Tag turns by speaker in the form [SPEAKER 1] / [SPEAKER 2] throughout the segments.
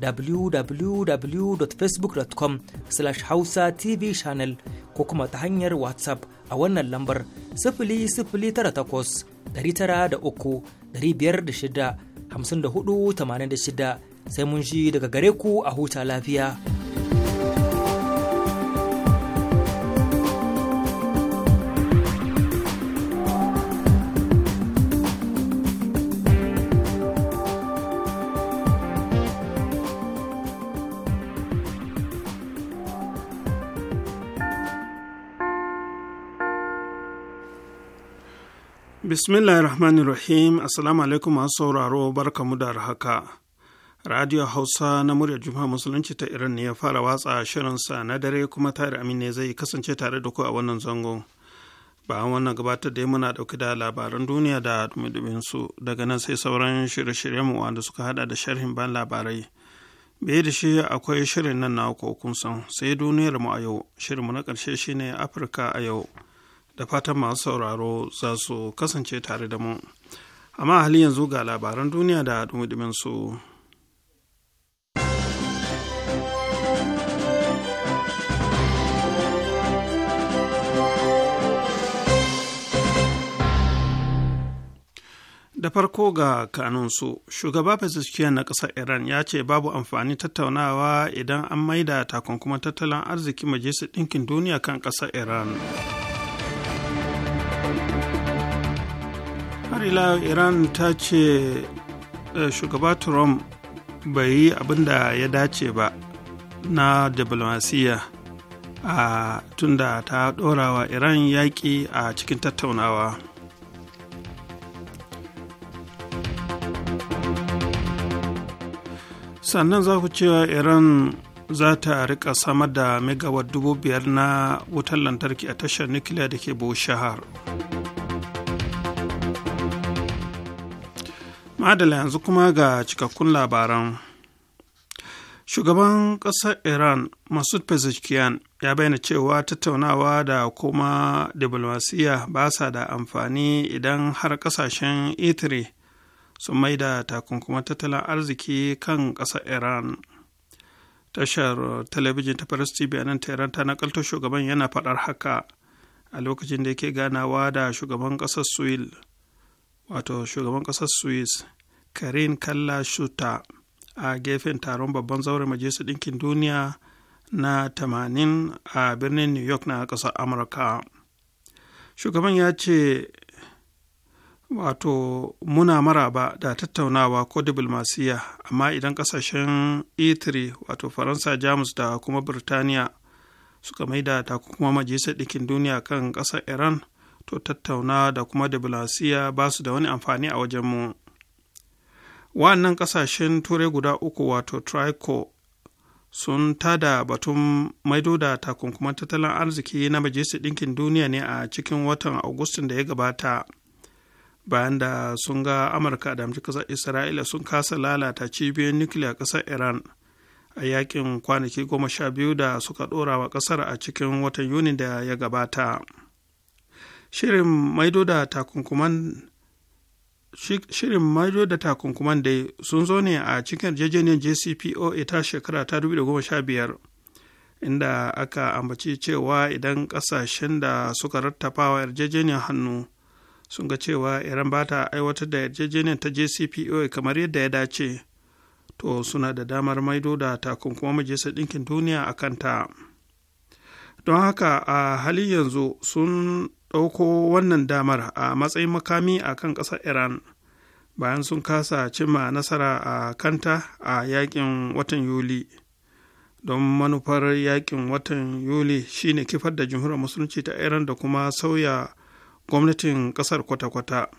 [SPEAKER 1] www.facebook.com slash hausa tv channel ko kuma ta hanyar whatsapp a wannan lambar da 00983 da shida sai mun ji daga gare ku a huta lafiya.
[SPEAKER 2] Bismillahirrahmanirrahim. Assalamu alaikum masu sauraro mu da haka. Radio Hausa na murya Juma'a Musulunci ta Iran ne ya fara watsa shirinsa na dare kuma tare amin ne zai kasance tare da ku a wannan zango. Bayan wannan gabatar da muna ɗauki da labaran duniya da dumi daga nan sai sauran shirye-shiryen mu wanda suka hada da sharhin ban labarai. bai da shi akwai shirin nan na kokun san sai duniyar mu a yau. Shirin mu na ƙarshe shine Afirka a yau. da fatan masu sauraro za su kasance tare da mu amma halin yanzu ga labaran duniya da dumi su da farko ga kanunsu shugaba Pezeshkian na ƙasar iran ya ce babu amfani tattaunawa idan an maida takunkuman tattalin arziki majalisar ɗinkin duniya kan ƙasar iran ila iran ta ce eh, shugaba trump bai yi abin da ya dace ba na diplomasiya a tunda ta ɗorawa iran yaƙi a cikin tattaunawa sannan za ku cewa iran za ta rika samar da megawatt dubu biyar na wutar lantarki a tashar nukiliya da ke bushahar. shahar adala yanzu kuma ga cikakkun labaran shugaban ƙasar iran masud pezeshkian ya bayyana cewa tattaunawa da kuma diplomasiya ba sa da amfani idan har ƙasashen itiri e sun maida takunkuman tattalin arziki kan ƙasar iran tashar talabijin ta paris tv nan tehran ta nakalto shugaban yana faɗar haka a lokacin da yake ganawa da shugaban shugaban ƙasar swiss karin kalla shuta a gefen taron babban zauren majalisar ɗinkin duniya na 80 a birnin new york na ƙasar amurka shugaban ya ce wato muna maraba da tattaunawa ko diplomasiya amma idan ƙasashen e3 wato faransa jamus da kuma birtaniya suka maida da kuma majalisar ɗikin duniya kan ƙasar iran to tattaunawa da kuma diplomasiya ba su da wani amfani a wajenmu wannan kasashen turai guda uku wato trico sun tada batun maido da takunkuman tattalin arziki na majalisar ɗinkin duniya ne a cikin watan agustin da ya gabata bayan da sun ga amurka da amurka ƙasar isra'ila sun kasa lalata cibiyar nukiliya ƙasar iran a yakin kwanaki goma sha biyu da suka ɗora wa ƙasar a cikin watan yuni da ya gabata shirin maido da takunkuman shirin maido da takunkuman dai sun zo ne a cikin yarjejeniyar jcpoa ta shekara ta 2015 inda aka ambaci cewa idan kasashen da suka rattafawa yarjejeniyar hannu sun ga cewa iran ba ta aiwatar da yarjejeniyar ta jcpoa kamar yadda ya dace to suna da damar maido da takunkuma majalisar ɗinkin duniya a kanta don haka a halin yanzu sun ɗauko wannan damar a matsayin makami a kan ƙasar iran bayan sun kasa cimma nasara a kanta a yakin watan yuli don manufar yakin watan yuli shine kifar da jamhuriyar musulunci ta iran da kuma sauya gwamnatin ƙasar kwata-kwata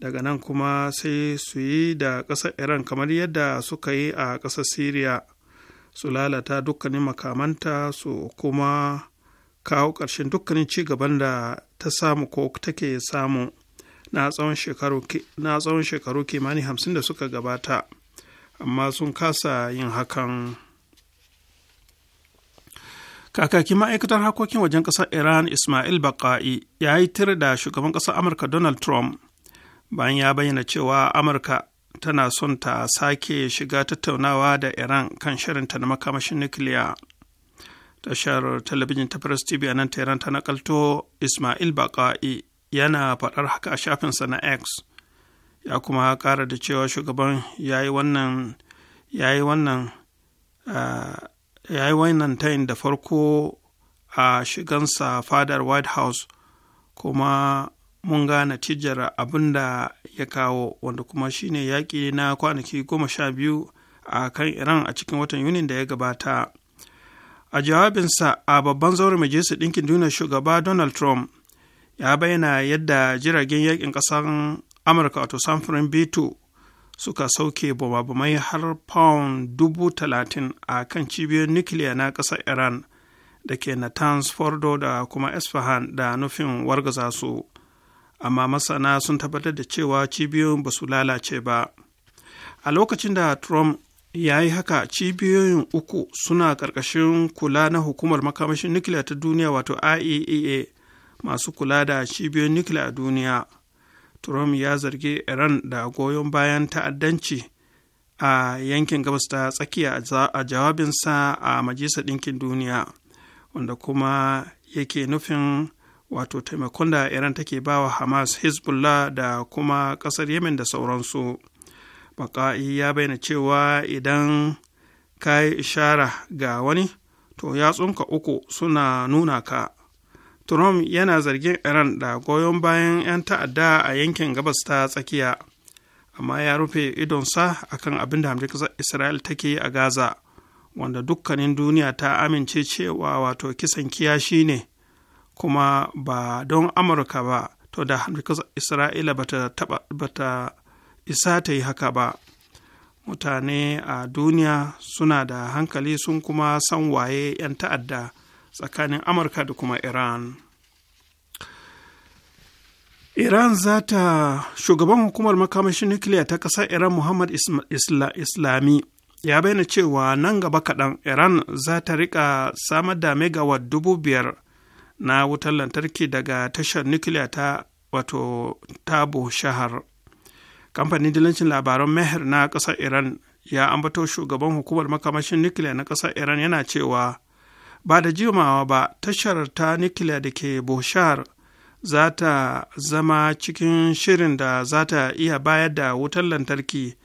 [SPEAKER 2] daga nan kuma sai su yi da ƙasar iran kamar yadda suka yi a ƙasar syria su lalata dukkanin makamanta su kuma kawo ƙarshen dukkanin ci gaban da ta samu ko take samu na tsawon shekaru kimani hamsin da suka gabata amma sun kasa yin hakan kakakin ma'aikatar harkokin wajen ƙasar iran ismail baka'i ya yi tir da shugaban ƙasar amurka donald trump bayan ya bayyana cewa amurka tana son ta sake shiga tattaunawa da iran kan shirinta na makamashin nukiliya. tashar talabijin ta press tv a nan tehran ta nakalto ismail Baqai yana faɗar haka a sa na x ya kuma ƙara da cewa shugaban ya yi wannan ya wannan eh, ya wannan tayin da farko a shigansa fadar white house kuma mun ga natijar abin da ya kawo wanda kuma shine yaƙi na kwanaki goma sha biyu a kan iran a cikin watan yunin da ya gabata a jawabinsa a babban zauren majalisar ɗinkin duniya shugaba donald trump ya bayyana yadda jiragen yakin ƙasar amurka wato samfurin b2 suka sauke bumabumai har pound dubu talatin a kan cibiyar nukiliya na ƙasar iran da ke natanz fordo da kuma isfahan da nufin wargaza su amma masana sun tabbatar da cewa cibiyoyin ba su lalace ba a lokacin da trump ya yi haka cibiyoyin uku suna ƙarƙashin kula na hukumar makamashin nukiliya ta duniya wato iaea e masu kula da cibiyoyin nukiliya a duniya trump ya zargi iran da goyon bayan ta'addanci a yankin gabas ta tsakiya a jawabinsa a majalisar ɗinkin duniya wanda kuma yake nufin wato taimakon da iran take bawa hamas hezbollah da kuma ƙasar yemen da sauransu baƙai ya bayyana cewa idan ka yi ishara ga wani to yatsunka uku suna nuna ka trump yana zargin iran da goyon bayan 'yan ta'adda a yankin gabas ta tsakiya amma ya rufe idonsa akan abin da hamdukasar isra'il take a gaza wanda dukkanin duniya ta amince cewa wato kisan kiya shi ne kuma ba don amurka ba to da hamdukasar isra'ila bata taba bata isa ta yi haka ba mutane a duniya suna da hankali sun kuma san waye 'yan ta'adda tsakanin amurka da kuma iran iran za ta shugaban hukumar makamashin nukiliya ta ƙasar iran muhammad Isla, islami ya bayyana cewa nan gaba kaɗan iran za ta riƙa samar da megawatt dubu biyar na wutar lantarki daga tashar nukiliya ta wato tabo shahar kamfanin dilancin labaran meher na ƙasar iran ya ambato shugaban hukumar makamashin nikila na ƙasar iran yana cewa ba da jimawa ba tashar ta nikila da ke boshar za ta zama cikin shirin da za ta iya bayar da wutar lantarki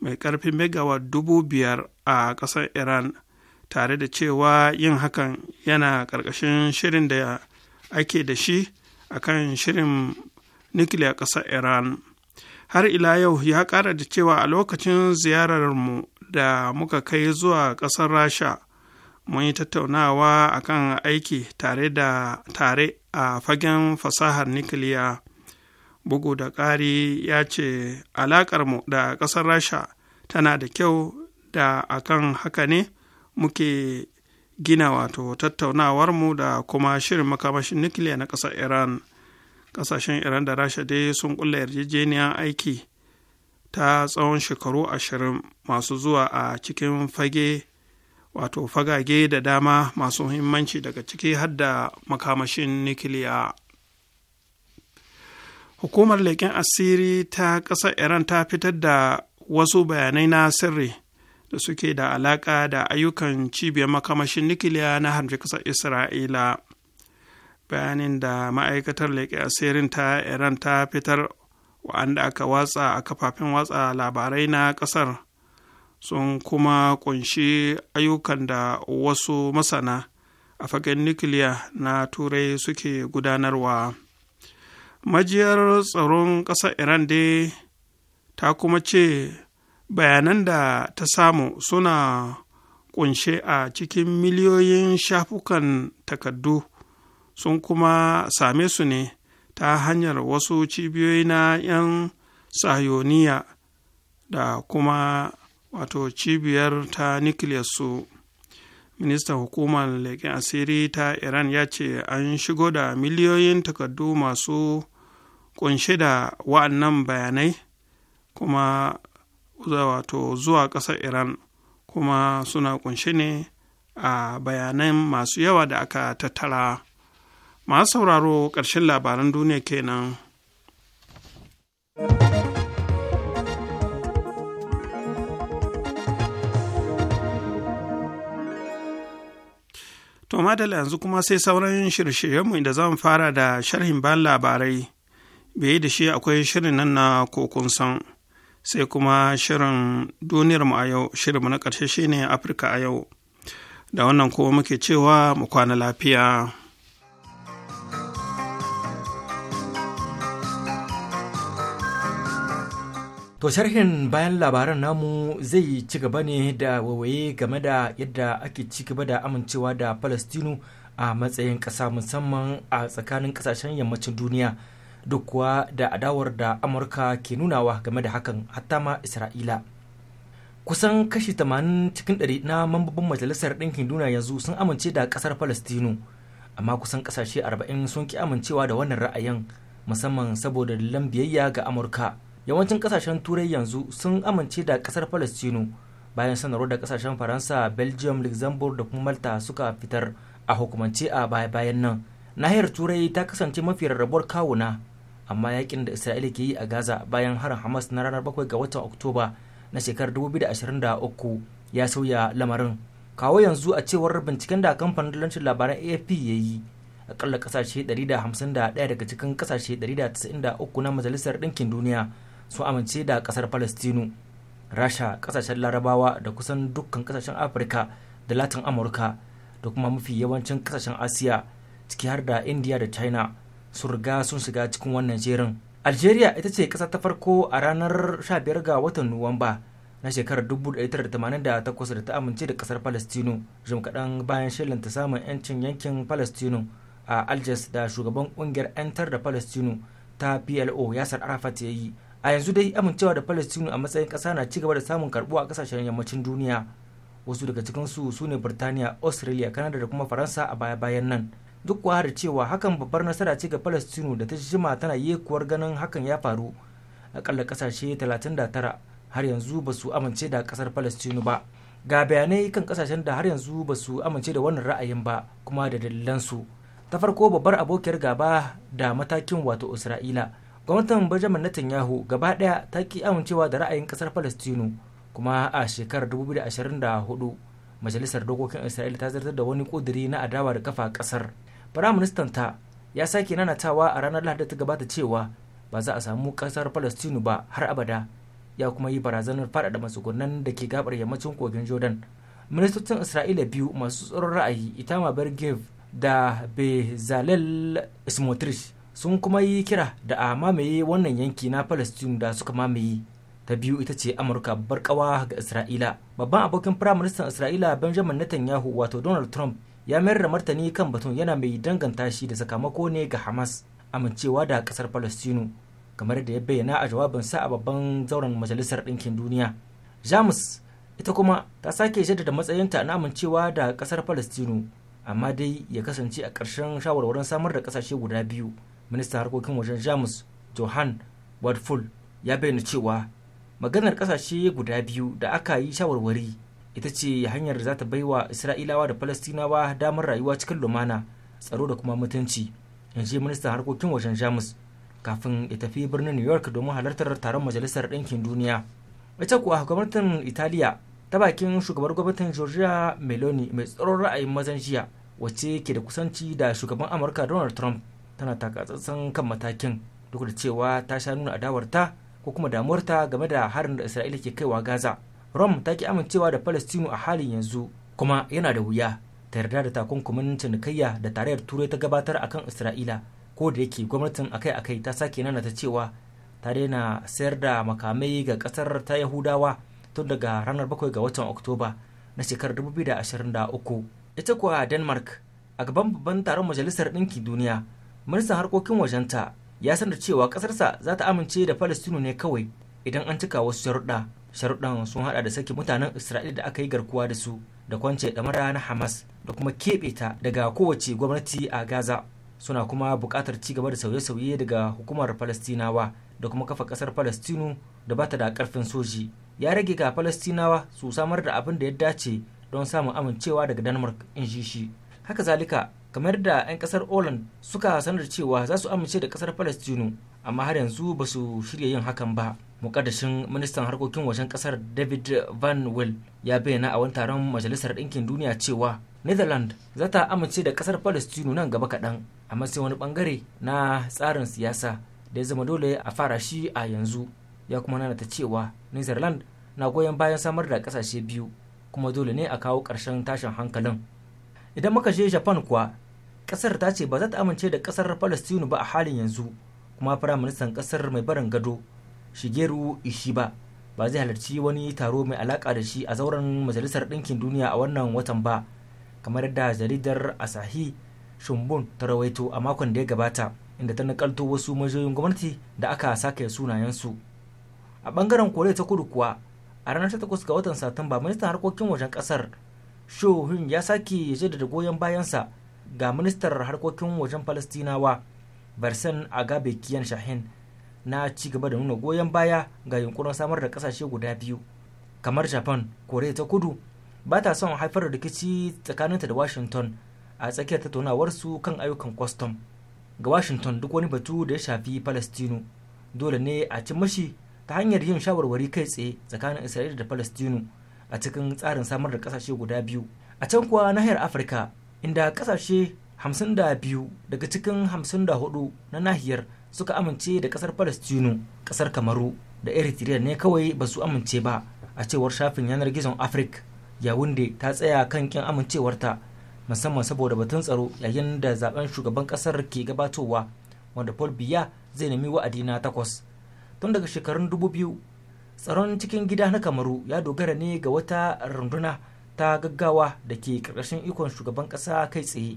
[SPEAKER 2] mai ƙarfin megawatt dubu biyar a ƙasar iran tare da cewa yin hakan yana ƙarƙashin shirin da ake da shi a kan shirin nukiliya ƙasar iran har ila yau ya ƙara da cewa a lokacin ziyararmu da muka kai zuwa ƙasar rasha mun yi tattaunawa akan aiki tare da tare a fagen fasahar nikiliya bugu da ƙari ya ce alaƙarmu da ƙasar rasha tana da kyau da akan haka ne muke gina wato tattaunawarmu da kuma shirin makamashin nukiliya na ƙasar iran kasashen iran da rasha dai sun kulla yarjejeniyar aiki ta tsawon shekaru ashirin masu zuwa a cikin fage wato fagage da dama masu muhimmanci daga ciki har da makamashin nikiliya hukumar leƙen asiri ta ƙasar iran ta fitar da wasu bayanai na sirri da suke da alaƙa da ayyukan cibiyar makamashin nikiliya na harfi ƙasar isra'ila bayanin da ma'aikatar leƙe asirin ta iran ta fitar wa'anda aka watsa a kafafen watsa labarai na ƙasar sun kuma kunshi ayyukan da wasu masana a fagen nukiliya na turai suke gudanarwa majiyar tsaron ƙasar iran dai ta kuma ce bayanan da ta samu suna kunshe a cikin miliyoyin shafukan takardu. sun kuma same su ne ta hanyar wasu cibiyoyi na 'yan sayoniya da kuma wato cibiyar ta nucleus su ministan hukumar leƙen asiri ta iran ya ce an shigo da miliyoyin takardu masu kunshe da wa'annan bayanai kuma wato zuwa ƙasar iran kuma suna kunshe ne a bayanan masu yawa da aka tattara masu sauraro ƙarshen labaran duniya kenan. To madalla yanzu kuma sai sauran shirye-shiryenmu inda zan fara da sharhin ban labarai, biye da shi akwai shirin nan na kokun sai kuma shirin duniyarmu a yau, shirinmu na ƙarshe shine Afirka a yau, da wannan kuma muke cewa mu kwana lafiya.
[SPEAKER 1] To sharhin bayan labaran namu zai ci gaba ne da wawaye game da yadda ake ci gaba da amincewa da Falastinu a matsayin ƙasa musamman a tsakanin ƙasashen yammacin duniya duk kuwa da adawar da Amurka ke nunawa game da hakan hatta ma Isra'ila. Kusan kashi 80 cikin 100 na mambobin Majalisar Ɗinkin Duniya yanzu sun amince da ƙasar Falastinu, amma kusan ƙasashe 40 sun ki amincewa da wannan ra'ayin musamman saboda biyayya ga Amurka. yawancin kasashen turai yanzu sun amince da kasar palestino bayan sanarwar da kasashen faransa belgium luxembourg da kuma malta suka fitar a hukumance a baya-bayan nan nahiyar turai ta kasance mafi rarrabuwar kawuna amma yakin da isra'ila ke yi a gaza bayan harin hamas na ranar 7 ga watan oktoba na shekarar 2023 ya sauya lamarin kawo yanzu a cewar binciken da kamfanin dalancin labaran afp ya yi akalla kasashe 151 daga cikin kasashe 193 na majalisar ɗinkin duniya sun amince da kasar palestinu rasha kasashen larabawa da kusan dukkan kasashen afirka da latin amurka da kuma mafi yawancin kasashen asiya ciki har da india da china sun riga sun shiga cikin wannan jerin algeria ita ce kasa ta farko a ranar 15 ga watan nuwamba na shekarar 1988 da ta amince da kasar palestinu jim kaɗan bayan ta samun 'yancin yankin palestinu a algiers da shugaban ƙungiyar 'yantar da palestinu ta plo yasar arafat ya yi a yanzu dai amincewa da palestinu a matsayin ƙasa na cigaba da samun karbuwa a kasashen yammacin duniya wasu daga cikin su ne birtaniya australia canada da kuma faransa a baya-bayan nan duk kuwa da cewa hakan babbar nasara ce ga palestinu da ta jima tana yekuwar ganin hakan ya faru akalla ƙasashe 39 har yanzu ba su amince da kasar palestinu ba ga bayanai kan kasashen da har yanzu ba su amince da wannan ra'ayin ba kuma da dalilansu ta farko babbar abokiyar gaba da matakin wato isra'ila gwamnatin benjamin netanyahu gaba daya ta ki amincewa da ra'ayin kasar palestino kuma a shekarar 2024 majalisar dokokin isra'ila ta zartar da wani kudiri na adawa da kafa kasar firaministan ta ya sake nanatawa a ranar lahadi ta gabata cewa ba za a samu kasar palestino ba har abada ya kuma yi barazanar faɗaɗa matsugunan da ke gabar yammacin kogin jordan ministocin isra'ila biyu masu tsoron ra'ayi itama bergev da bezalel smotrich sun kuma yi kira da a mamaye wannan yanki na palestine da suka mamaye ta biyu ita ce amurka babbar kawa ga isra'ila babban abokin firaministan isra'ila benjamin netanyahu wato donald trump ya mayar da martani kan batun yana mai danganta shi da sakamako ne ga hamas amincewa da kasar palestinu kamar da ya bayyana a jawabin sa a babban zauren majalisar ɗinkin duniya jamus ita kuma ta sake jaddada matsayinta na amincewa da kasar palestinu amma dai ya kasance a ƙarshen shawarwarin samar da ƙasashe guda biyu ministan harkokin wajen jamus johan wadful ya bayyana cewa maganar kasashe guda biyu da aka yi shawarwari ita ce hanyar da za ta baiwa isra'ilawa da falastinawa damar rayuwa cikin lumana tsaro da kuma mutunci in ji ministan harkokin wajen jamus kafin ya tafi birnin new york domin halartar taron majalisar ɗinkin duniya ita kuwa gwamnatin italiya ta bakin shugabar gwamnatin georgia meloni mai tsaron ra'ayin mazan jiya wacce ke da kusanci da shugaban amurka donald trump tana takatsantsan kan matakin duk da cewa ta sha nuna adawarta ko kuma damuwarta game da harin da isra'ila ke kaiwa gaza rom ta ki amincewa da palestinu a halin yanzu kuma yana da wuya ta yarda da takunkumin cinikayya da tarayyar turai ta gabatar akan isra'ila ko da yake gwamnatin akai-akai ta sake nana ta cewa ta daina sayar da makamai ga kasar ta yahudawa tun daga ranar 7 ga watan oktoba na shekarar 2023 ita kuwa denmark a gaban babban taron majalisar ɗinkin duniya ministan harkokin wajenta ya sanar cewa ƙasarsa za ta amince da palestino ne kawai idan an cika wasu sharuɗa sharuɗan sun haɗa da saki mutanen isra'ila da aka yi garkuwa da su da kwance ɗamara na hamas da kuma keɓe ta daga kowace gwamnati a gaza suna kuma buƙatar ci gaba da sauye-sauye daga hukumar falastinawa da kuma kafa ƙasar falastinu da bata da ƙarfin soji ya rage ga falastinawa su samar da abin da ya dace don samun amincewa daga danmark in shi haka zalika kamar da 'yan kasar Oland suka sanar cewa za su amince da kasar Palestino amma har yanzu ba su shirya yin hakan ba. Mukaddashin ministan harkokin wajen kasar David Van will ya bayyana a wani taron majalisar ɗinkin duniya cewa Netherlands za ta amince da kasar Palestino nan gaba kaɗan amma sai wani bangare na tsarin siyasa da ya zama dole a fara shi a yanzu ya kuma nanata cewa Netherlands na goyon bayan samar da ƙasashe biyu kuma dole ne a kawo ƙarshen tashin hankalin idan muka je japan kuwa kasar ta ce ba za ta amince da kasar palestine ba a halin yanzu kuma firaministan kasar mai barin gado shigeru ishiba ba zai halarci wani taro mai alaka da shi a zauren majalisar ɗinkin duniya a wannan watan ba kamar da jaridar asahi shumbun ta rawaito a makon da ya gabata inda ta nakalto wasu majiyoyin gwamnati da aka sake sunayensu a bangaren koriya ta kudu kuwa a ranar 8 ga watan satumba ministan harkokin wajen kasar shohun ya sake jaddada goyon bayansa ga ministar harkokin wajen falastinawa barsan agabe kiyan shahin na ci gaba da nuna goyon baya ga yunkurin samar da kasashe guda biyu kamar japan korea ta kudu ba ta son haifar da rikici tsakaninta da washington a tsakiyar tattaunawarsu kan ayyukan kwastam ga washington duk wani batu da ya shafi palestino dole ne a ci mashi ta hanyar yin shawarwari kai tsaye tsakanin isra'ila da palestino a cikin tsarin samar da kasashe guda biyu a can kuwa nahiyar afirka inda kasashe 52 daga cikin 54 na nahiyar suka amince da kasar palestino kasar kamaru da eritrea ne kawai ba su amince ba a cewar shafin yanar gizon afrik yawunde ta tsaya kan kin amincewarta musamman saboda batun tsaro yayin da zaben shugaban kasar ke gabatowa wanda paul biya zai nemi wa'adi na takwas tun daga shekarun biyu. tsaron cikin gida na kamaru ya dogara ne ga wata runduna ta gaggawa da ke ƙarƙashin ikon shugaban ƙasa kai tsaye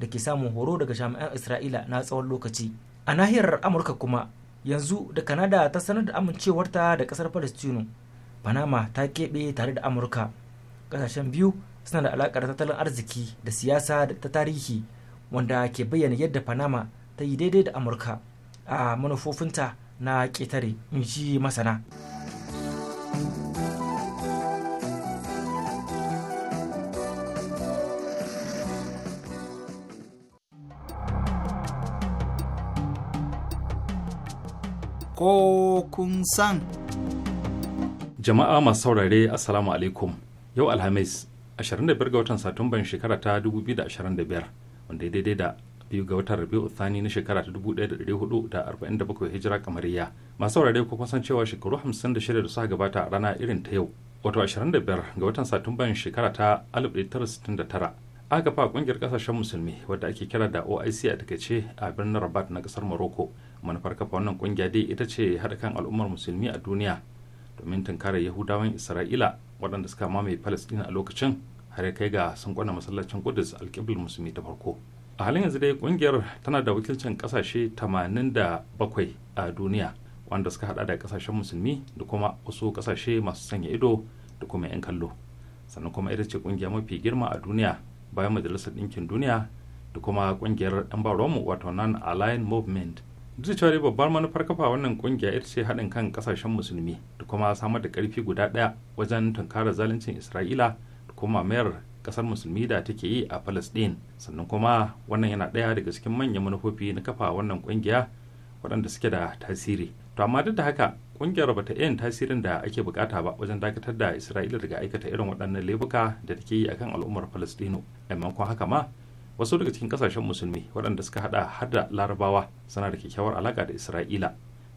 [SPEAKER 1] da ke samun horo daga jami'an isra'ila na tsawon lokaci a nahiyar amurka kuma yanzu da kanada ta sanar da amincewarta da kasar palestino panama ta keɓe tare da amurka ƙasashen biyu suna da alakar tattalin arziki da siyasa da ta tarihi wanda ke bayyana yadda panama ta yi daidai da amurka a manufofinta na ƙetare in ji masana. ko kun san.
[SPEAKER 3] Jama'a masu saurare Assalamu alaikum yau Alhamis 25 ga watan Satumban shekara ta 2025 wanda ya daidai da biyu ga watan Rabiu Thani na shekara ta 1447 hijira kamariya. Masu saurare ko san cewa shekaru 56 da suka gabata a rana irin ta yau wato 25 ga watan Satumban shekara ta 1969 aka fa kungiyar kasashen musulmi wadda ake kira da OIC a takaice a birnin Rabat na kasar Morocco manufar kafa wannan kungiya dai ita ce haɗa kan al'ummar musulmi a duniya domin tunkara yahudawan isra'ila waɗanda suka mamaye palestina a lokacin har ya kai ga sun kwana masallacin kudus alƙiblar musulmi ta farko a halin yanzu dai kungiyar tana da wakilcin kasashe tamanin da bakwai a duniya wanda suka haɗa da kasashen musulmi da kuma wasu kasashe masu sanya ido da kuma 'yan kallo sannan kuma ita ce kungiya mafi girma a duniya bayan majalisar ɗinkin duniya da kuma kungiyar 'yan baronmu wato non-aligned movement duk cewa dai babbar manufar kafa wannan kungiya ita ce haɗin kan kasashen musulmi da kuma samar da ƙarfi guda ɗaya wajen tunkarar zaluncin isra'ila da kuma mayar ƙasar musulmi da take yi a palestine sannan kuma wannan yana ɗaya daga cikin manyan manufofi na kafa wannan kungiya waɗanda suke da tasiri to amma duk da haka kungiyar bata yin tasirin da ake bukata ba wajen dakatar da isra'ila daga aikata irin waɗannan laifuka da take yi akan al'ummar palestino maimakon haka ma wasu daga cikin kasashen musulmi waɗanda suka hada har da larabawa suna da kyakkyawar alaka da isra'ila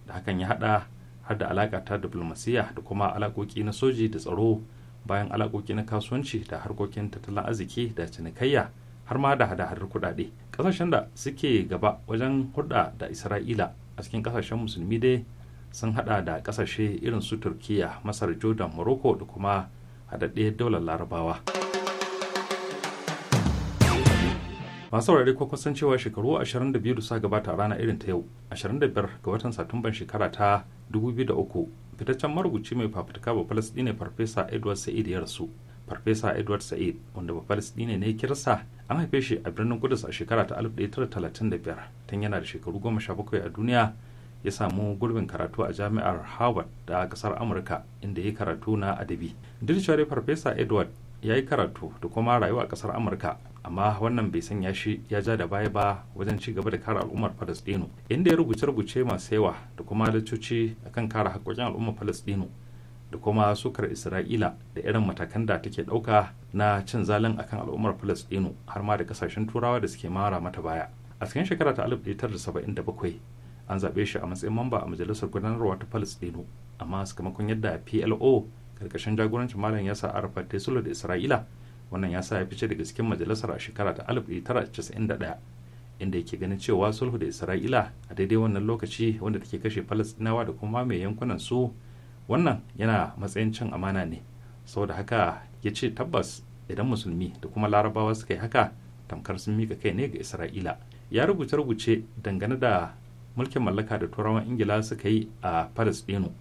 [SPEAKER 3] da hakan ya hada har da alaka ta diplomasiya da kuma alakoki na soji da tsaro bayan alakoki na kasuwanci da harkokin tattalin arziki da cinikayya har ma da hada-hadar kuɗaɗe kasashen da suke gaba wajen hulɗa da isra'ila a cikin kasashen musulmi dai sun hada da kasashe irin su turkiya masar jordan morocco da kuma haɗaɗɗe daular larabawa. masu saurari ko kusan cewa shekaru 22 da suka gabata a rana irin ta yau 25 ga watan satumban shekara ta 2003 fitaccen marubuci mai fafutuka ba falastine farfesa edward sa'id ya rasu farfesa edward sa'id wanda ba falastine ne kirsa an haife shi a birnin kudus a shekara ta 1935 tun yana da shekaru 17 a duniya ya samu gurbin karatu a jami'ar harvard da kasar amurka inda ya karatu na adabi duk farfesa edward ya yi karatu da kuma rayuwa a kasar amurka amma wannan bai sanya shi ya ja da baya ba wajen ci gaba da kare al'ummar falastino inda ya rubuce rubuce masu yawa da kuma a akan kare haƙƙoƙin al'ummar falastino da kuma sukar isra'ila da irin matakan da take ɗauka na cin zalin akan al'ummar falastinu har ma da kasashen turawa da suke mara mata baya a cikin shekara ta 1977 an zaɓe shi a matsayin mamba a majalisar gudanarwa ta falastino amma sakamakon yadda plo karkashin jagorancin malam yasa arafat ta da isra'ila wannan ya sa ya fice daga cikin majalisar a shekara ta 1991 inda yake ganin cewa sulhu da isra'ila a daidai wannan lokaci wanda take kashe falastinawa da kuma mai yankunan su wannan yana matsayin cin amana ne saboda haka ya ce tabbas idan musulmi da kuma larabawa suka yi haka tamkar sun mika kai ne ga isra'ila ya rubuce rubuce dangane da mulkin mallaka da turawan ingila suka yi a falastinu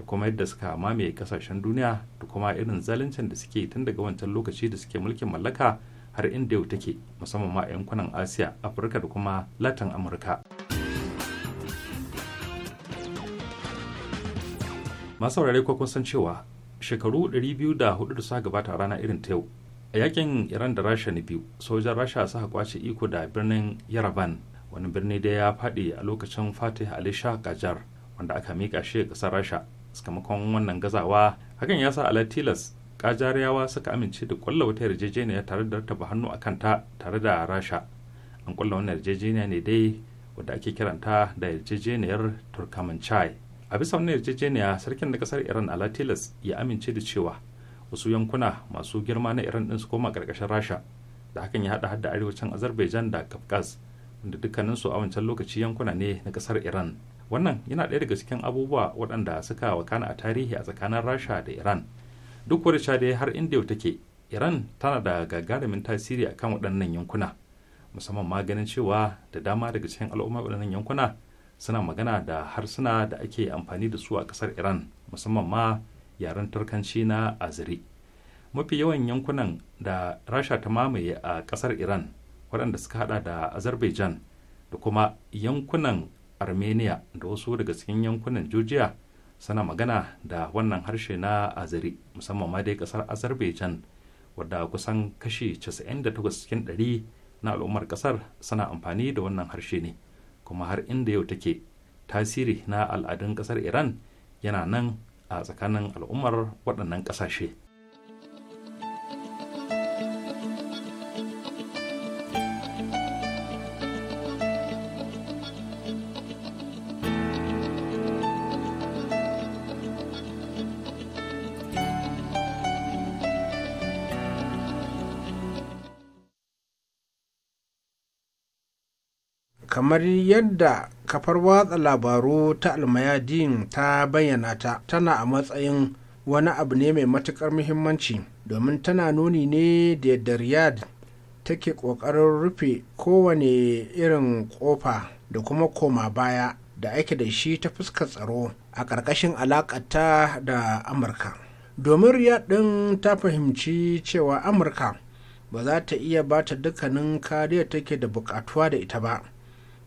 [SPEAKER 3] da kuma yadda suka mamaye kasashen duniya da kuma irin zaluncin da suke tun daga wancan lokaci da suke mulkin mallaka har inda yau take musamman ma yankunan asiya afirka da kuma latin amurka masu saurare ko san cewa shekaru 204 da hudu da suka gabata rana irin ta yau a yakin iran da rasha na biyu sojan rasha suka kwace iko da birnin yaravan wani birni da ya faɗi a lokacin fatih ali shah gajar wanda aka mika shi ga ƙasar rasha sakamakon wannan gazawa hakan ya sa alatilas kajariyawa suka amince da kwallo wata yarjejeniya tare da rattaba hannu a kanta tare da rasha an kwallo wannan yarjejeniya ne dai wadda ake kiranta da yarjejeniyar turkamanchai a bisa wannan yarjejeniya sarkin na kasar iran alatilas ya amince da cewa wasu yankuna masu girma na iran din su koma karkashin rasha da hakan ya hada hada arewacin azerbaijan da kafkas wanda dukkaninsu a wancan lokaci yankuna ne na kasar iran wannan yana ɗaya daga cikin abubuwa waɗanda suka wakana a tarihi a tsakanin rasha da iran duk wani sha dai har inda take iran tana da gagarumin tasiri a kan waɗannan yankuna musamman ma ganin cewa da dama daga cikin al'ummar waɗannan yankuna suna magana da harsuna da ake amfani da su a ƙasar iran musamman ma yaren turkanci na aziri mafi yawan yankunan da rasha ta mamaye a ƙasar iran waɗanda suka hada da azerbaijan da kuma yankunan armenia da wasu daga cikin yankunan georgia suna magana da wannan harshe na azeri musamman ma dai kasar azerbaijan wadda kusan kashi 98 cikin 100 na al'ummar kasar suna amfani da wannan harshe ne kuma har inda yau take tasiri na al'adun kasar iran yana nan a tsakanin al'ummar waɗannan ƙasashe.
[SPEAKER 4] kamar yadda kafar watsa labaru ta almayadin ta bayyana ta tana a matsayin wani abu ne mai matukar muhimmanci domin tana nuni ne da yadda riyad take kokarin rufe kowane irin kofa da kuma koma baya da ake da shi ta fuskar tsaro a ƙarƙashin alaƙata da amurka domin riyad ɗin ta fahimci cewa amurka ba za ta iya ba ta dukkanin kariya take da buƙatuwa da ita ba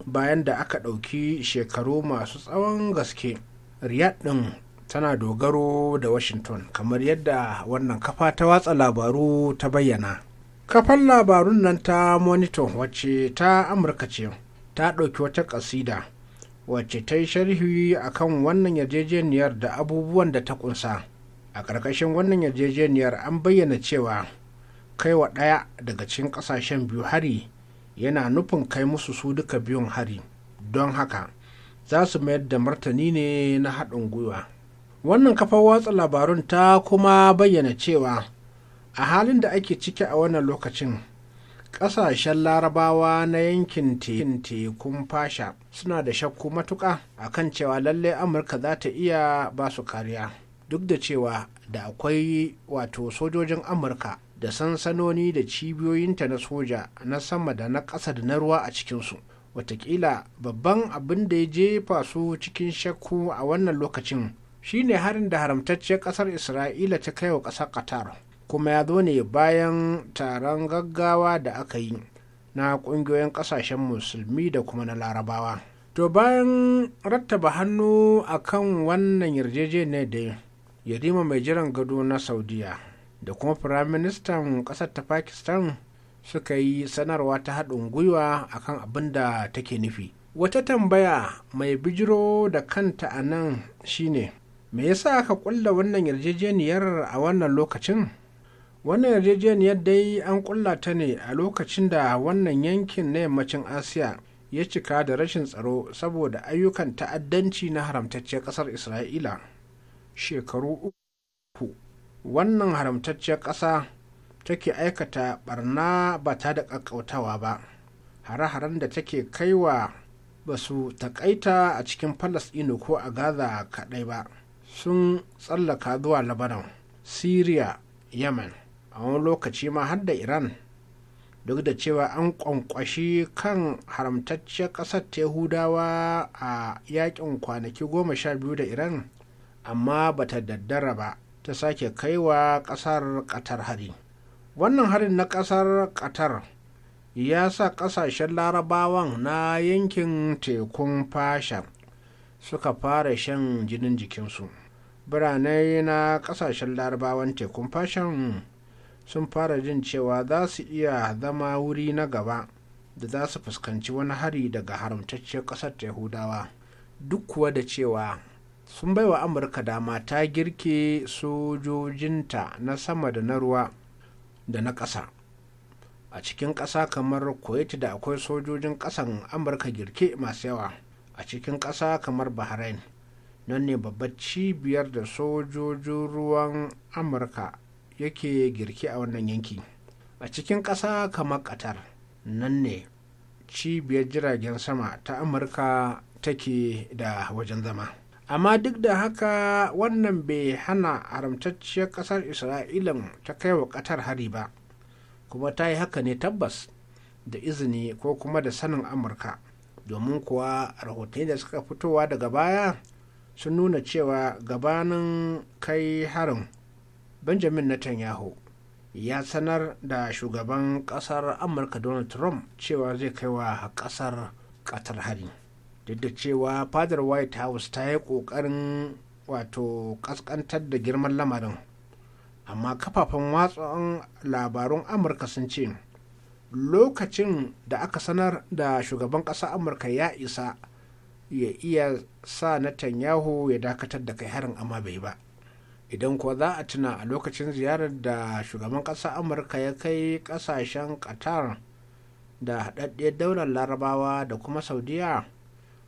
[SPEAKER 4] bayan da aka ɗauki shekaru masu tsawon gaske riyadh ɗin tana dogaro da washington kamar yadda wannan kafa ta watsa labaru ta bayyana kafan labarun nan ta monitor wacce ta amurka ce ta ɗauki wata ƙasida wacce ta yi sharhi akan wannan yarjejeniyar da abubuwan da ta kunsa a ƙarƙashin wannan yarjejeniyar an bayyana cewa kaiwa ɗaya daga cikin ƙasashen biyu hari yana nufin kai musu su duka biyun hari don haka za su mayar da martani ne na haɗin gwiwa wannan kafar watsa labarun ta kuma bayyana cewa a halin da ake ciki a wannan lokacin ƙasashen larabawa na yankin tekun fasha suna da shakku matuƙa kan cewa lalle amurka za ta iya ba su kariya duk da cewa da akwai wato sojojin amurka da sansanoni da cibiyoyinta na soja na sama da na ƙasa da na ruwa a cikinsu watakila babban abin da ya jefa su cikin shakku a wannan lokacin shine harin da haramtacciyar ƙasar isra'ila ta kai wa ƙasar qatar kuma ya zo ne bayan taron gaggawa da aka yi na ƙungiyoyin ƙasashen musulmi da kuma na larabawa to bayan rattaba hannu akan wannan yarjejeniyar da yarima mai jiran gado na saudiya da kuma firaministan ƙasar ta pakistan suka yi sanarwa ta haɗin gwiwa akan abin da take nufi wata tambaya mai bijiro da kanta a nan shine me yasa aka kulla wannan yarjejeniyar a wannan lokacin wannan yarjejeniyar dai an kulla ta ne a lokacin da wannan yankin na yammacin asiya ya cika da rashin tsaro saboda ayyukan ta'addanci na haramtaccen ƙasar isra'ila shekaru uku wannan haramtacciyar ƙasa take aikata barna ba ta da ƙaƙƙautawa ba hare-haren da take kaiwa ba su taƙaita a cikin falasɗinu ko a gaza kaɗai ba sun tsallaka zuwa labanan syria yemen a wani lokaci ma har da iran duk da cewa an ƙwanƙwashi kan haramtacciyar ƙasar ta yahudawa a yaƙin kwanaki goma sha biyu da iran amma ba ta daddara ba ta sake kaiwa ƙasar ƙatar hari wannan harin na ƙasar ƙatar ya sa ƙasashen larabawan na yankin tekun fasha suka fara shan jinin jikinsu biranai na ƙasashen larabawan tekun fashan sun fara jin cewa za su iya zama wuri na gaba da za su fuskanci wani hari daga haramtacciyar ƙasar yahudawa duk kuwa da cewa sun baiwa amurka dama ta girke sojojinta na sama da na ruwa da na ƙasa a cikin ƙasa kamar kuwait da akwai sojojin ƙasan amurka girke masu yawa a cikin ƙasa kamar bahrain nan ne babbar cibiyar da sojojin ruwan amurka yake girke a wannan yanki a cikin ƙasa kamar qatar nan ne cibiyar jiragen sama ta amurka take da wajen zama amma duk da haka wannan bai hana haramtacciyar ƙasar isra'ila ta kai wa ƙatar hari ba kuma ta yi haka ne tabbas da izini ko kuma da sanin amurka domin kuwa rahotanni da suka fitowa daga baya sun nuna cewa gabanin kai harin benjamin netanyahu ya sanar da shugaban kasar amurka donald trump cewa zai kai wa ƙasar ƙatar hari duk da cewa fadar white house ta yi ƙoƙarin wato ƙasƙantar da girman lamarin amma kafafen watsan labarun amurka sun ce lokacin da aka sanar da shugaban ƙasa amurka ya isa ya iya sa Netanyahu ya dakatar da kai harin amma bai ba idan kuwa za a tuna a lokacin ziyarar da shugaban ƙasa amurka ya kai ƙasashen qatar da haɗaɗɗiyar daular larabawa da kuma saudiya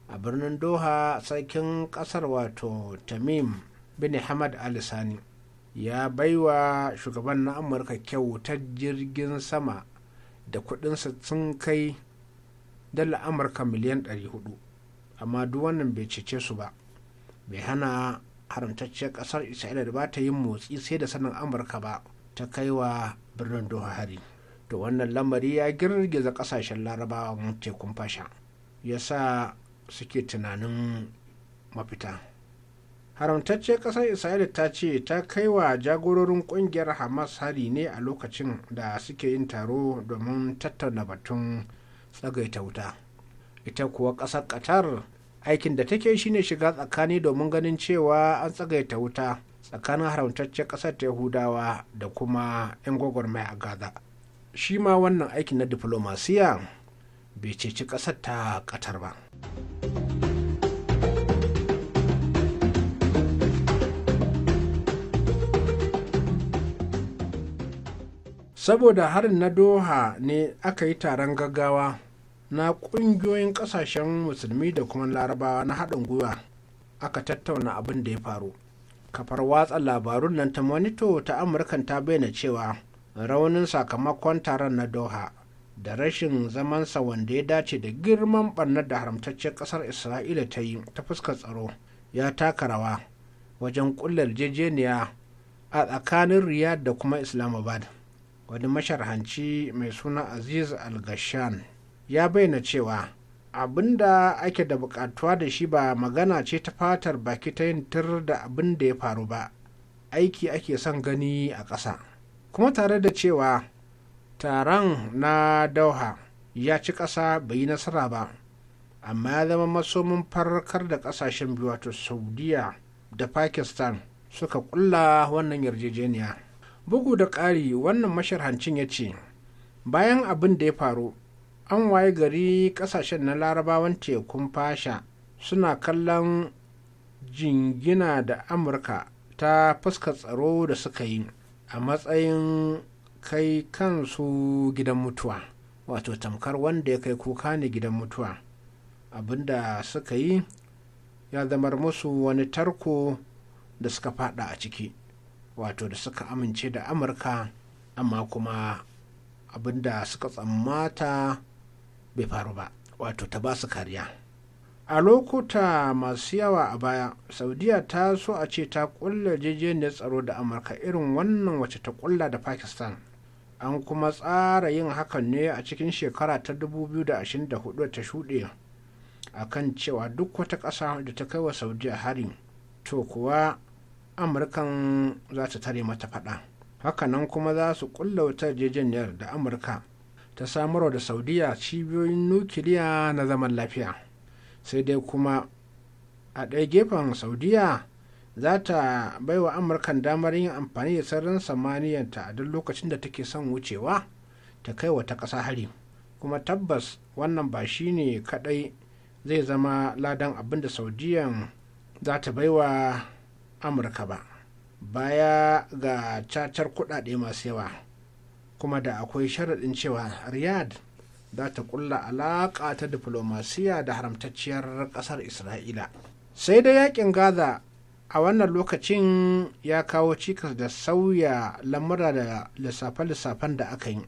[SPEAKER 4] a birnin doha sarkin kasar wato tamim bin hamad alisani sani ya baiwa shugaban na amurka kyautar jirgin sama da kudinsa sun kai dala amurka miliyan 400 amma duk wannan bai cece su ba bai hana haramtacciyar kasar isra'ila da ba ta yin motsi sai da sanin amurka ba ta kai wa birnin doha hari to wannan lamari ya girgiza kasashen larabawa tekun fasha ya sa suke tunanin mafita haramtacce ƙasar Isra'il ta ce ta kai wa jagororin ƙungiyar hamas hari ne a lokacin da suke yin taro domin tattauna batun tsagaita wuta ita kuwa ƙasar qatar aikin da take shine shiga tsakani domin ganin cewa an tsagaita wuta tsakanin haramtaccen ƙasar ta yahudawa da kuma 'yan gwagwarmai a gaza shi ma wannan aikin na diflomasiya bai ceci ƙasar ta qatar ba saboda harin na doha ne aka yi taron gaggawa na ƙungiyoyin ƙasashen musulmi da kuma larabawa na haɗin gwiwa aka tattauna abin da ya faru kafar watsa labarun nan ta monito ta amurkan ta bayyana cewa raunin sakamakon taron na doha da rashin zaman sa wanda ya dace da girman barnar da haramtaccen kasar isra'ila ta yi ta fuska tsaro ya taka rawa wajen kullar jejeniya a tsakanin riyadh da kuma islamabad wani masharhanci mai suna aziz al-gashan ya bayyana cewa abin da ake da bukatuwa da shi ba magana ce ta fatar baki ta yin tur da abin da ya faru ba aiki ake son gani a ƙasa kuma tare da cewa taron na Doha ya ci ƙasa bai yi nasara ba amma ya zama masomin farkar da ƙasashen biyu wato saudiya da pakistan suka kulla wannan yarjejeniya bugu da ƙari wannan masharhancin ya ce bayan abin da ya faru an waye gari ƙasashen na larabawan tekun fasha suna kallon jingina da amurka ta fuska tsaro da suka yi a matsayin kai kansu gidan mutuwa wato tamkar wanda ya kai kuka ne gidan mutuwa abinda suka yi ya zamar musu wani tarko da suka fada a ciki wato da suka amince da amurka amma kuma abinda suka tsammata bai faru ba wato ta ba su kariya a lokuta masu yawa a baya saudiya ta so a ce ta kulla jejeniyar tsaro da amurka irin wannan wacce ta kulla da pakistan an kuma tsara yin hakan ne a cikin shekara ta 2024 ta shuɗe a kan cewa duk wata ƙasa da ta kai wa saudiya hari to kuwa amurkan za ta tare mata faɗa hakanan kuma za su ƙulla wutar jejeniyar da amurka ta samarwa da saudiya cibiyoyin nukiliya na zaman lafiya sai dai kuma a ɗaya gefen saudiya za ta bai wa amurkan damar yin amfani da sararin samaniyanta a duk lokacin da take son wucewa ta kai wata ƙasa hari kuma tabbas wannan ba shi ne kaɗai zai zama ladan abin da saudiyan za ta bai wa amurka ba baya ga cacar kuɗaɗe masu yawa kuma da akwai sharaɗin cewa Riyad za ta kulla alaƙa ta diflomasiya da haramtacciyar ƙasar isra'ila sai dai yakin gaza a wannan lokacin ya kawo cikas da sauya lamura da lissafe-lissafen da aka yi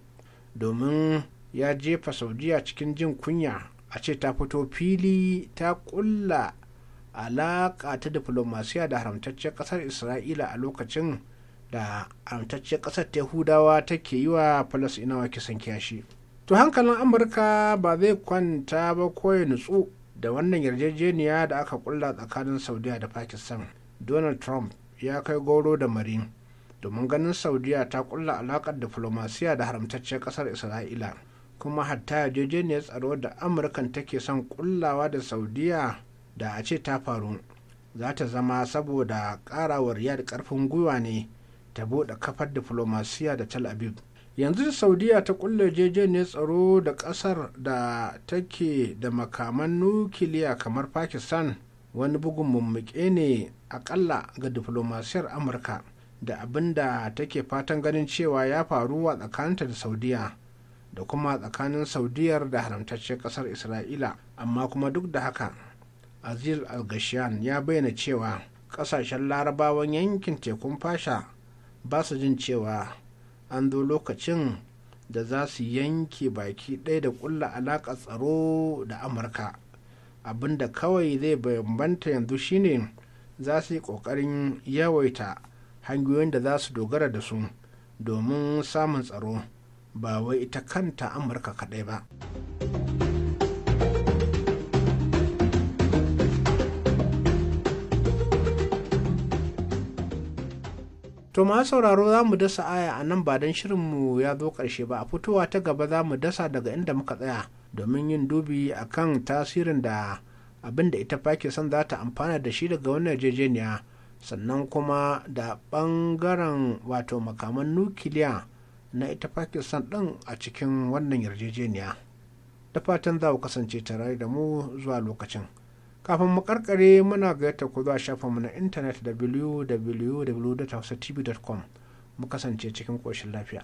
[SPEAKER 4] domin ya jefa saudiya cikin jin kunya a ce ta fito fili ta kulla alaƙa ta diflomasiya da haramtacciyar ƙasar isra'ila a lokacin da haramtacciyar ƙasar yahudawa take yi wa falasinawa kisan kiyashi to hankalin amurka ba zai kwanta ba ko nutsu da wannan yarjejeniya da aka kulla tsakanin saudiya da pakistan donald trump ya kai goro da marin domin ganin saudiya ta kulla alakar diflomasiya da haramtacciyar kasar isra'ila kuma hatta yarjejeniyar tsaro da amurkan take son kullawa da saudiya da a ce ta faru za ta zama saboda karawar yadda karfin gwiwa ne ta buɗe kafar diflomasiya da tel aviv yanzu saudiya ta kulle yarjejeniyar tsaro da kasar da take da makaman nukiliya kamar pakistan wani bugun mummuke ne akalla ga diflomasiyar amurka da abin da take fatan ganin cewa ya faru a tsakaninta da saudiya da kuma tsakanin saudiyar da haramtaccen kasar isra'ila amma kuma duk da haka azil al-gashiyan ya bayyana cewa kasashen larabawan yankin tekun fasha ba su jin cewa an zo lokacin da za su yanke baki ɗaya da ƙulla alaƙa tsaro da amurka abinda kawai zai bambanta yanzu shine za su yi kokarin yawaita hanyoyin da za su dogara da su domin samun tsaro ba wai ita kanta amurka kaɗai ba to ma sauraro za mu dasa aya a nan ba don shirinmu ya zo ƙarshe ba a fitowa ta gaba za mu dasa daga inda muka tsaya domin yin dubi a kan tasirin da abin da ita pakistan za ta amfana da shi daga wannan yarjejeniya sannan kuma da bangaren wato makaman nukiliya na ita pakistan din a cikin wannan yarjejeniya da fatan za ku kasance tare da mu zuwa lokacin kafin mu karkare muna gayyata ku zuwa mu na intanet www.tv.com mu kasance cikin koshin lafiya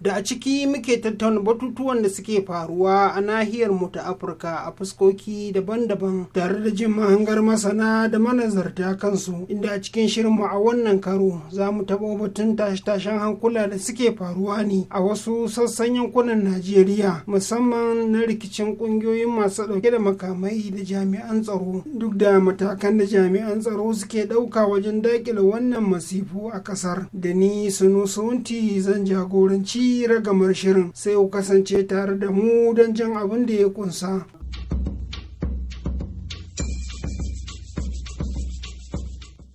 [SPEAKER 5] da a ciki muke tattauna batutuwan da suke faruwa a nahiyar mu ta afirka a fuskoki daban-daban tare da jin mahangar masana da manazarta kansu inda a cikin shirinmu a wannan karo za mu taɓo batun tashe-tashen hankula da suke faruwa ne a wasu sassan yankunan najeriya musamman na rikicin ƙungiyoyin masu ɗauke da makamai da jami'an tsaro duk da matakan da jami'an tsaro suke ɗauka wajen daƙile wannan masifu a ƙasar da ni sunti zan jagoranci hira ragamar shirin sai ku kasance tare da mu don jin abin da ya kunsa.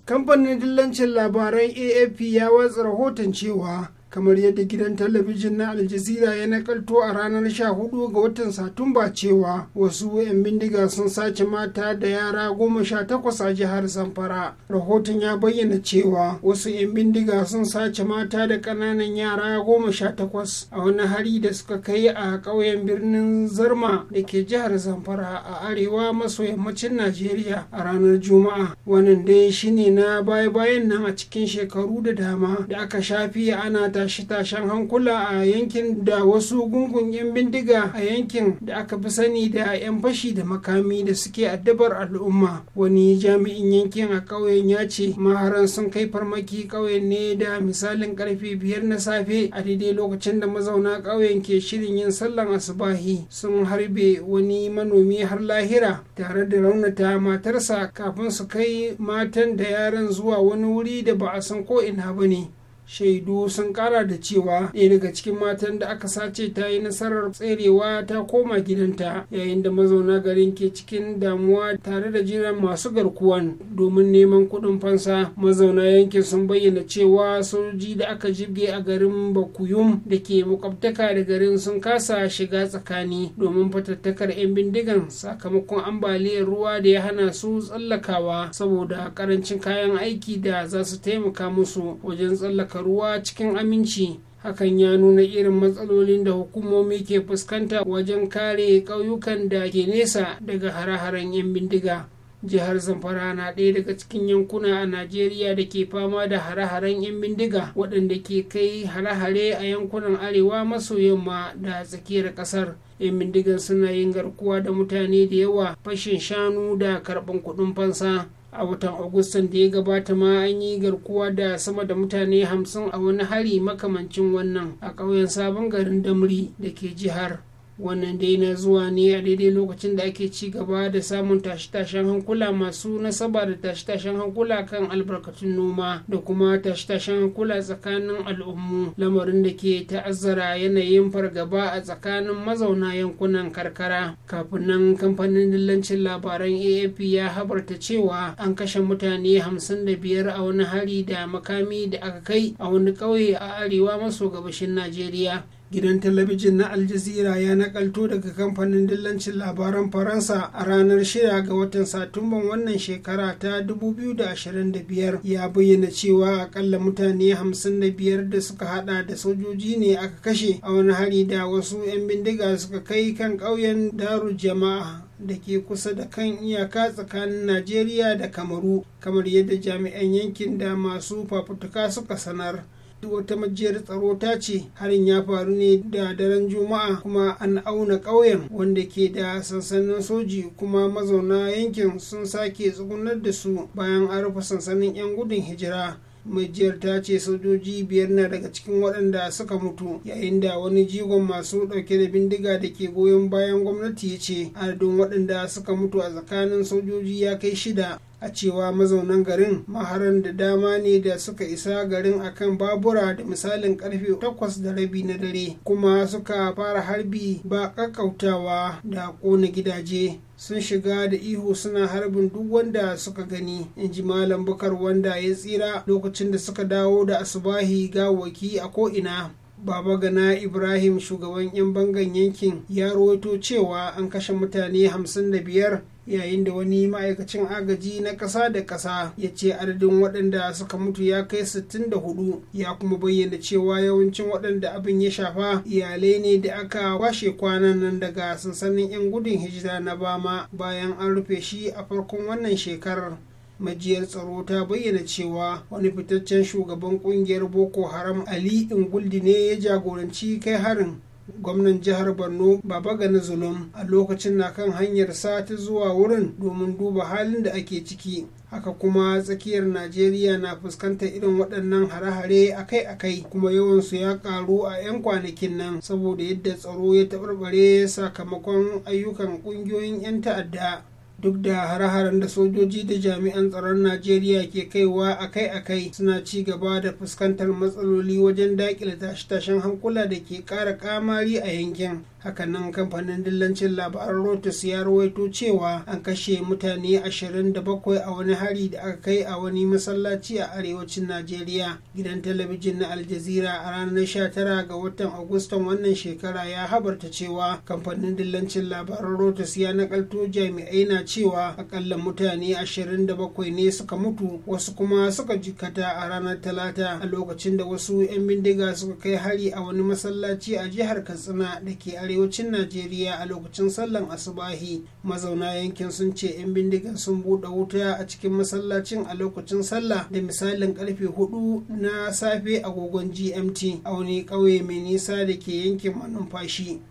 [SPEAKER 5] kamfanin dillancin labaran afp ya watsa rahoton cewa kamar yadda gidan talabijin na aljazira ya nakalto a ranar 14 ga watan satumba cewa wasu 'yan bindiga sun sace mata da yara goma sha takwas a jihar zamfara rahoton ya bayyana cewa wasu 'yan bindiga sun sace mata da ƙananan yara goma sha takwas a wani hari da suka kai a ƙauyen birnin zarma da ke jihar zamfara a arewa maso yammacin najeriya a ranar juma'a wannan dai shine na baya-bayan nan a cikin shekaru da dama da aka shafi ana ta tashe-tashen hankula a yankin da wasu gungun 'yan bindiga a yankin da aka fi sani da 'yan fashi da makami da suke addabar al'umma wani jami'in yankin a ƙauyen ya ce maharan sun kai farmaki ƙauyen ne da misalin karfe biyar na safe a daidai lokacin da mazauna ƙauyen ke shirin yin sallan asubahi sun harbe wani manomi har lahira tare da raunata matarsa kafin su kai matan da yaran zuwa wani wuri da ba a san ko ina ba ne shaidu sun kara da cewa ɗaya daga cikin matan da aka sace ta yi nasarar tserewa ta koma gidanta yayin da mazauna garin ke cikin damuwa tare da jiran masu garkuwan domin neman kuɗin fansa mazauna yankin sun bayyana cewa sojoji da aka jibge a garin bakuyum da ke makwabtaka da garin sun kasa shiga tsakani domin fatattakar 'yan bindigan sakamakon ambaliyar ruwa da ya hana su tsallakawa saboda karancin kayan aiki da za su taimaka musu wajen tsallaka ruwa cikin aminci hakan ya nuna irin matsalolin da hukumomi ke fuskanta wajen kare ƙauyukan da ke nesa daga hare-haren 'yan bindiga jihar zamfara na ɗaya daga cikin yankuna a najeriya da ke fama da hare-haren 'yan bindiga waɗanda ke kai hare-hare a yankunan arewa maso yamma da tsakiyar ƙasar 'yan bindigan suna yin garkuwa da mutane da yawa fashin shanu da karɓan kuɗin fansa a watan agustan da ya gabata ma an yi garkuwa da sama da mutane hamsin a wani hari makamancin wannan a ƙauyen sabon garin damri da ke jihar wannan dai na zuwa ne a daidai lokacin da ake ci gaba da samun tashe-tashen hankula masu nasaba da tashe-tashen hankula kan albarkatun noma da kuma tashe-tashen hankula tsakanin al'ummu lamarin da ke ta'azzara yanayin fargaba a tsakanin mazauna yankunan karkara kafin nan kamfanin dillancin labaran afp ya habarta cewa an kashe mutane 55 a wani hari da makami da aka kai a wani ƙauye a arewa maso gabashin najeriya gidan talabijin na aljazira ya nakalto daga kamfanin dillancin labaran faransa a ranar 6 ga watan satumban wannan shekara ta 2025 ya bayyana cewa akalla mutane 55 da suka hada da sojoji ne aka kashe a wani hari da wasu 'yan bindiga suka kai kan ƙauyen daru jama'a da ke kusa da kan iyaka tsakanin najeriya da kamaru kamar yadda jami'an yankin da masu fafutuka suka sanar duk wata majiyar tsaro ta ce harin ya faru ne da daren juma'a kuma an auna ƙauyen wanda ke da sansanin soji kuma mazauna yankin sun sake tsugunar da su bayan an rufe sansanin 'yan gudun hijira majiyar ta ce sojoji biyar na daga cikin waɗanda suka mutu yayin da wani jigon masu ɗauke da bindiga da ke goyon bayan gwamnati ya ce adadin waɗanda suka mutu a tsakanin sojoji ya kai shida a cewa mazaunan garin maharan da dama ne da suka isa garin akan babura da misalin karfe takwas da rabi na dare kuma suka fara harbi ba kakkautawa da kona gidaje sun shiga da ihu suna harbin duk wanda suka gani in ji malam bukar wanda ya tsira lokacin da suka dawo da asubahi gawaki a ko'ina Baba Gana Ibrahim shugaban 'yan bangan yankin ya rawaito cewa an kashe mutane 55 yayin da wani ma'aikacin agaji na ƙasa da ƙasa ya ce adadin waɗanda suka mutu ya kai 64 ya kuma bayyana cewa yawancin waɗanda abin ya shafa iyalai ne da aka kwashe kwanan nan daga sansanin 'yan gudun hijira na bama bayan an rufe shi a farkon wannan shekarar majiyar tsaro ta bayyana cewa wani fitaccen shugaban kungiyar boko haram ali inguldi ne ya jagoranci kai harin gwamnan jihar borno baba gani zulum a lokacin na kan hanyar ta zuwa wurin domin duba halin da ake ciki haka kuma tsakiyar najeriya na fuskantar irin waɗannan hare-hare akai-akai kuma yawansu ya karu a 'yan kwanakin nan saboda yadda tsaro ya taɓarɓare sakamakon ayyukan ƙungiyoyin 'yan ta'adda duk da hare-haren da sojoji da jami'an tsaron najeriya ke kaiwa akai-akai suna ci gaba da fuskantar matsaloli wajen daƙile tashe-tashen hankula da ke ƙara kamari a yankin hakanan kamfanin dillancin labaran rotus ya rawaito cewa an kashe mutane 27 a wani hari da aka kai a wani masallaci a arewacin najeriya gidan talabijin na aljazira a ranar 19 ga watan agustan wannan shekara ya habarta cewa kamfanin dillancin labaran rotus ya nakalto jami'ai na cewa akalla mutane 27 ne suka mutu wasu kuma suka jikata a ranar talata a lokacin da wasu 'yan bindiga suka kai hari a wani masallaci a jihar katsina da ke arewacin najeriya a lokacin sallan asubahi mazauna yankin sun ce 'yan bindigan sun buɗe wuta a cikin masallacin a lokacin sallah da misalin karfe 4 na safe agogon gmt a wani ƙauye mai nisa da ke yankin manumfashi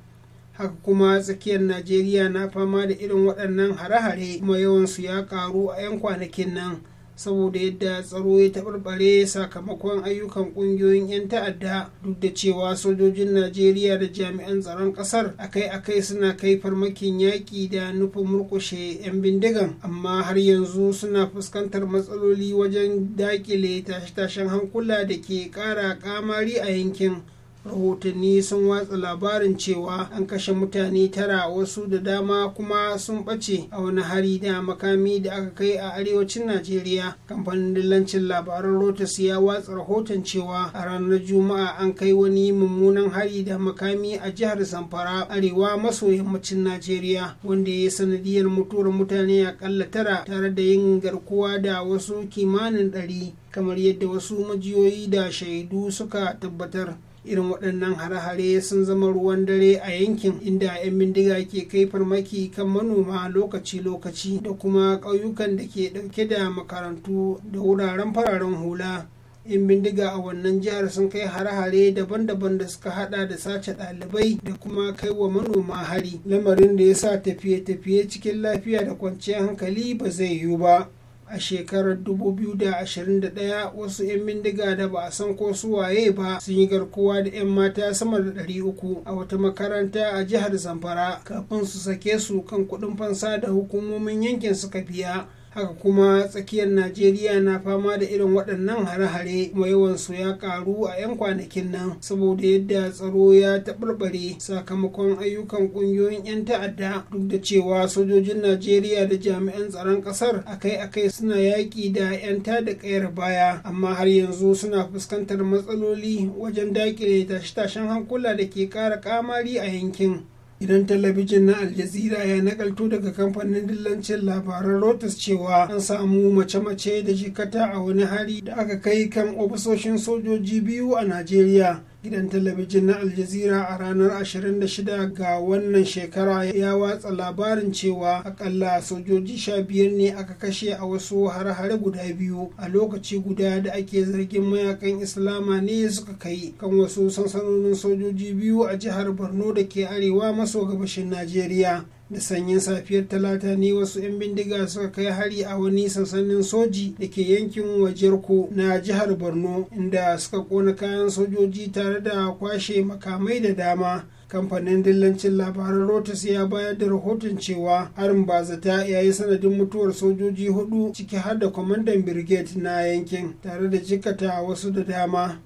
[SPEAKER 5] haka kuma tsakiyar najeriya na fama da irin waɗannan hare-hare kuma yawansu ya ƙaru a 'yan kwanakin nan saboda yadda tsaro ya taɓarɓare sakamakon ayyukan ƙungiyoyin 'yan ta'adda duk da cewa sojojin najeriya da jami'an tsaron ƙasar akai-akai suna kai farmakin yaƙi da nufin murƙushe 'yan bindigan amma har yanzu suna fuskantar matsaloli wajen daƙile tashe-tashen hankula da ke ƙara ƙamari a yankin rahotanni sun watsa labarin cewa an kashe mutane tara wasu da dama kuma sun ɓace a wani hari da makami da aka kai a arewacin najeriya kamfanin dillancin labaran rotas ya watsa rahoton cewa a ranar juma'a an kai wani mummunan hari da makami a jihar zamfara arewa maso yammacin najeriya wanda ya yi sanadiyar mutuwar mutane a akalla tara tare da yin garkuwa da wasu kimanin ɗari kamar yadda wasu majiyoyi da shaidu suka tabbatar irin waɗannan hare-hare sun zama ruwan dare a yankin inda 'yan bindiga ke kai farmaki kan manoma lokaci-lokaci da kuma ƙauyukan da ke ɗauke da makarantu da wuraren fararen hula 'yan bindiga a wannan jihar sun kai hare-hare daban-daban da suka hada da sace ɗalibai da kuma kai wa manoma hari lamarin da ya sa tafiye-tafiye cikin lafiya da kwanciyar hankali ba zai yiwu ba a shekarar 2021 wasu 'yan bindiga da ba a san ko su waye ba sun yi garkuwa da 'yan mata sama da 300 a wata makaranta a jihar zamfara kafin su sake su kan kuɗin fansa da hukumomin yankin suka biya haka kuma tsakiyar najeriya na fama da irin waɗannan hare-hare kuma yawansu ya karu a 'yan kwanakin nan saboda yadda tsaro ya taɓarɓare sakamakon ayyukan ƙungiyoyin 'yan ta'adda duk da cewa sojojin najeriya da jami'an tsaron ƙasar akai-akai suna yaƙi da 'yan da ƙayar baya amma har yanzu suna fuskantar matsaloli wajen daƙile tashe-tashen hankula da ke ƙara ƙamari a yankin gidan talabijin na aljazira ya nakalto daga kamfanin dillancin labaran rotas cewa an samu mace-mace da jikata a wani hari da aka kai kan ofisoshin sojoji biyu a najeriya gidan talabijin na aljazira a ranar 26 ga wannan shekara ya watsa labarin cewa akalla sojoji sha biyar ne aka kashe a wasu har-hare guda biyu a lokaci guda da ake zargin mayakan islama ne suka kai kan wasu sansanonin sojoji biyu a jihar borno da ke arewa maso gabashin najeriya da sanyin safiyar talata ne wasu 'yan bindiga suka kai hari a wani sansanin soji da ke yankin wajerko na jihar borno inda suka kona kayan sojoji tare da kwashe makamai da dama kamfanin dillancin labaran rotus ya bayar da rahoton cewa harin bazata ya yi sanadin mutuwar sojoji hudu ciki har da kwamandan brigade na yankin tare da jikata wasu da dama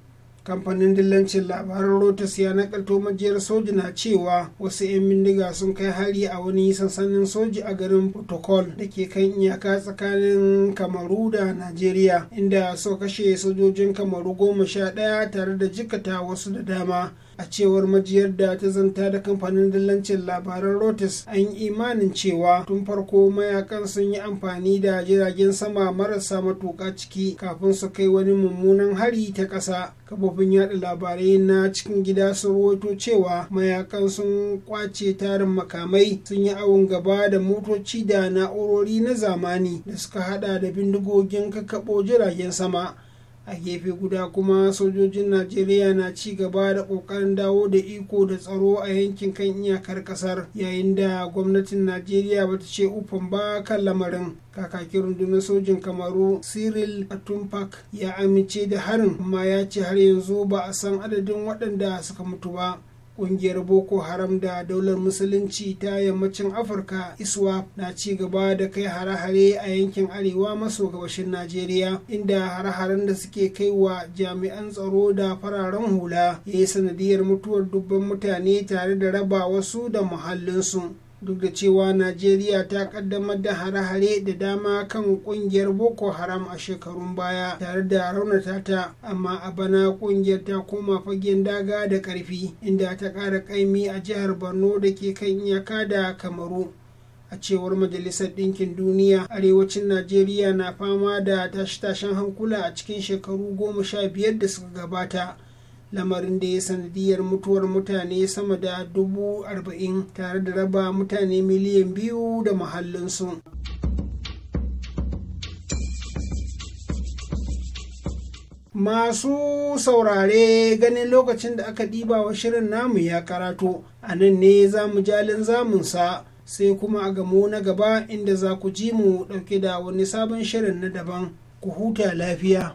[SPEAKER 5] kamfanin dillancin labaran rotus ya naƙalto majiyar soji na cewa wasu 'yan bindiga sun kai hari a wani sansanin soji a garin protocol da ke kan iyaka tsakanin kamaru da najeriya inda so kashe sojojin kamaru goma sha ɗaya tare da jikata wasu da dama a cewar majiyar da ta zanta da kamfanin dillancin labaran rotis an yi imanin cewa tun farko mayakan sun yi amfani da jiragen sama marasa matuƙa ciki kafin su kai wani mummunan hari ta ƙasa kafofin yada labarai na cikin gida sun rawaito cewa mayakan sun kwace tarin makamai sun yi awon gaba da motoci da na'urori na zamani da suka hada da bindigogin kakkaɓo jiragen sama a gefe guda kuma sojojin najeriya na ci gaba da kokarin dawo da iko da tsaro a yankin kan iyakar kasar yayin da gwamnatin najeriya bata ce ufan ba kan lamarin kakakin rundunar sojin kamaru cyril atumpak ya amince da harin amma ya ce har yanzu ba a san adadin waɗanda suka mutu ba Ƙungiyar Boko Haram da daular Musulunci ta yammacin Afirka ISWA, na ci gaba da kai hare-hare a yankin Arewa maso gabashin Najeriya inda hare-haren da suke kaiwa jami'an tsaro da fararen hula ya yi sanadiyar mutuwar dubban mutane tare da raba wasu da muhallinsu. duk da cewa najeriya ta kaddamar da hare-hare da dama kan kungiyar boko haram a shekarun baya tare da raunata ta amma a bana kungiyar ta koma fagen daga da karfi inda ta kara kaimi a jihar borno da ke kan iyaka da kamaru a cewar majalisar ɗinkin duniya arewacin najeriya na fama da tashe-tashen hankula a cikin shekaru goma sha biyar da suka gabata lamarin da ya sanadiyar mutuwar mutane sama da dubu arba'in tare da raba mutane miliyan biyu da muhallinsu. masu saurare ganin lokacin da aka ɗiba wa shirin namu ya karato a nan ne za mu jalin zamunsa sai kuma a gamo na gaba inda za ku ji mu ɗauke da wani sabon shirin na daban ku huta lafiya.